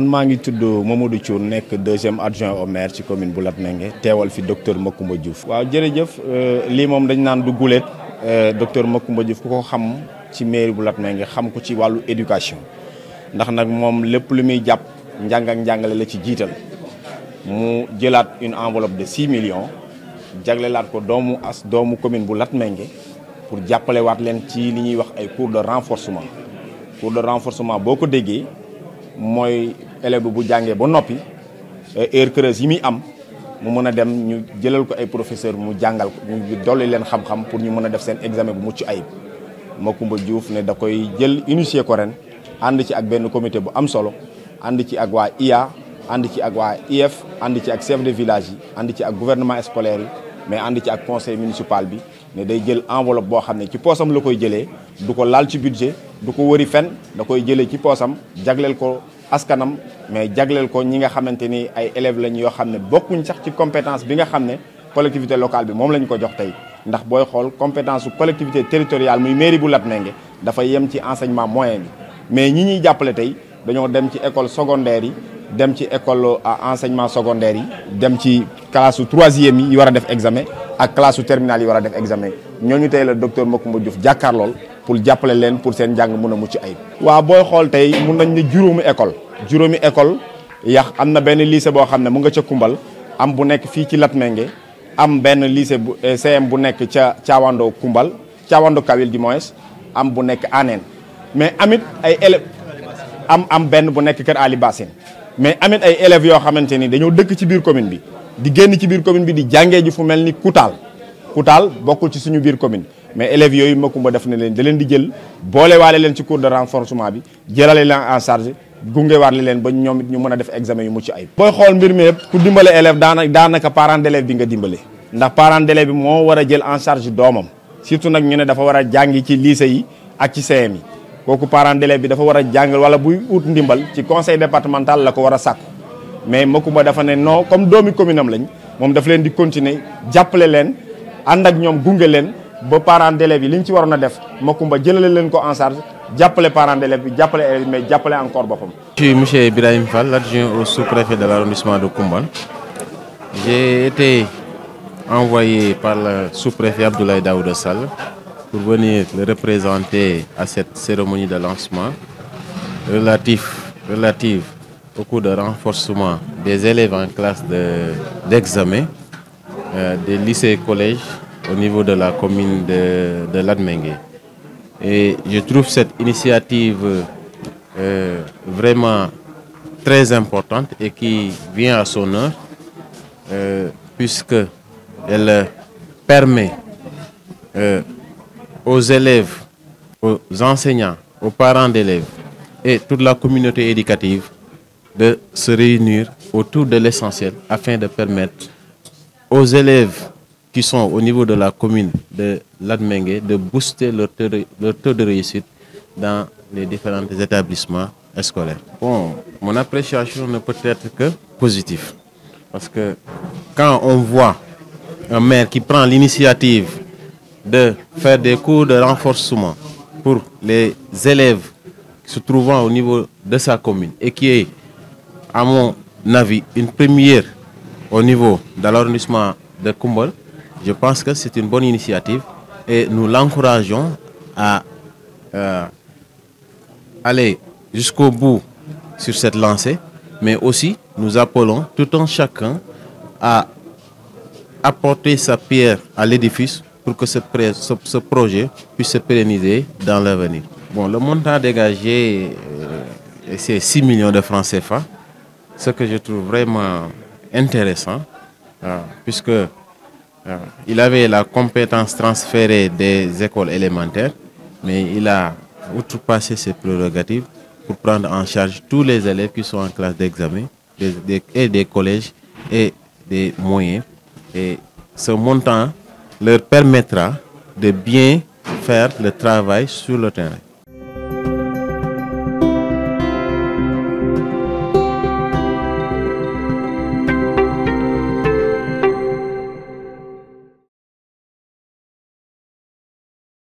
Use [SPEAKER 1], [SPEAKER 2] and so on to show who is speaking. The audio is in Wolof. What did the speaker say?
[SPEAKER 1] man maa ngi tudd Mamadou Thioune nekk deuxième adjoint au maire ci commune bu Latmingué teewal fi docteur Macoumba Diouf. waaw jërëjëf euh, lii moom dañ naan du guléet euh, docteur Macoumba Diouf ku ko xam ci maire Boulat Latmingué xam ko ci wàllu éducation ndax nag moom lépp lu muy jàpp njàng ak njàngale la ci jiital mu jëlaat une enveloppe de 6 millions jaglelaat ko doomu as doomu commune bu Latmingué pour jàppale waat leen ci li ñuy wax ay cours de renforcement cours de renforcement boo ko déggee mooy élève bu jàngee ba noppi eh, heure creuse yi muy am mu mën a dem ñu jëlal ko ay professeur mu jàngal ko ñu dolli leen xam-xam pour ñu mën a def seen examen bu mucc ayib Macoumba Diouf ne da koy jël initier ko ren ànd ci ak benn comité bu am solo ànd ci ak waa IA ànd ci ak waa IF ànd ci ak chef de village yi ànd ci ak gouvernement scolaire yi mais ànd ci ak conseil municipal bi ne day jël enveloppe boo xam ne ci poosam la koy jëlee du ko laal ci budget du ko wëri fenn da koy jëlee ci poosam jagleel ko askanam mais jaglel ko ñi nga xamanteni ay élèves lañ yo xamné ne bokkuñ sax ci compétence bi nga xamné collectivité locale bi mom lañ ko jox tay ndax boy xol compétence collectivité territoriale muy mairie bu Latmingué dafa yem ci enseignement moyen bi mais ñi ñi jàppale tay dañoo dem ci école secondaire yi dem ci école enseignement secondaire yi dem ci classe 3 troisième yi wara def examen ak classe terminale yi wara def examen ñooñu tay la docteur Macoumba Diouf jàkkaarlool pour jàppale leen pour seen njàng mun a mucc ayib. waaw booy xool tey mun nañ ne juróomi école juróomi école yax am na benn lycée boo xam ne mun nga ca Koumbal am bu nekk fii ci Latmingué am benn lycée bu eh, CM bu nekk ca Caawando Koumbal Caawando Kawil du moins am bu nekk Anen mais amit ay élèves am am benn bu nekk kër Ali mais amit ay élèves yoo xamante ni dañoo dëkk ci biir commune bi di génn ci biir commune bi di jàngee ji fu mel ni Koutal Koutal bokkul ci suñu biir commune. mais élèves yooyu Macoumba def na leen da leen di jël boolewaale leen ci cours de renforcement bi jëlale leen en charge gungewaale leen ba ñoom it ñu mën a def examen yu mucc ay booy xool mbir mi yëpp ku dimbale élève daanaka daanaka parent d'élève bi nga dimbale ndax parent d'élève bi moo war a jël en charge doomam surtout nag ñu ne dafa war a jàngi ci lycée yi ak ci CM yi kooku parent d'élève bi dafa war a jàngal wala buy ut ndimbal ci conseil départemental la ko war a sàkku mais Macoumba dafa ne non comme doomi commune am lañ moom dafa leen di continuer jàppale leen ànd ak ñoom gunge leen. les parents d'élèves ce qu'ils ñu ci waroon a def en charge parents d'élèves bi les élèves mais jàppale encore beaucoup.
[SPEAKER 2] je suis monsieur Ibrahim Fall l'adjoint au sous-préfet de l'arrondissement de Koumban. j'ai été envoyé par le sous-préfet Abdoulaye Daouda Sall pour venir le représenter à cette cérémonie de lancement relatif relative au cours de renforcement des élèves en classe de d'examen euh, des lycées et collèges au niveau de la commune de, de Ladmengue. Et je trouve cette initiative euh, vraiment très importante et qui vient à son heure euh, puisque elle permet euh, aux élèves, aux enseignants, aux parents d'élèves et toute la communauté éducative de se réunir autour de l'essentiel afin de permettre aux élèves qui sont au niveau de la commune de Ladmengue de booster leur taux, de, réussite dans les différents établissements scolaires. Bon, mon appréciation ne peut être que positive. Parce que quand on voit un maire qui prend l'initiative de faire des cours de renforcement pour les élèves se trouvant au niveau de sa commune et qui est, à mon avis, une première au niveau de l'arrondissement de Kumbol, je pense que c'est une bonne initiative et nous l'encourageons à euh, aller jusqu'au bout sur cette lancée, mais aussi nous appelons tout un chacun à apporter sa pierre à l'édifice pour que ce, projet puisse se pérenniser dans l'avenir. Bon, le montant dégagé, euh, c'est 6 millions de francs CFA, ce que je trouve vraiment intéressant, euh, puisque euh, il avait la compétence transférée des écoles élémentaires, mais il a outrepassé ses prérogatives pour prendre en charge tous les élèves qui sont en classe d'examen et des collèges et des moyens. Et ce montant leur permettra de bien faire le travail sur le terrain.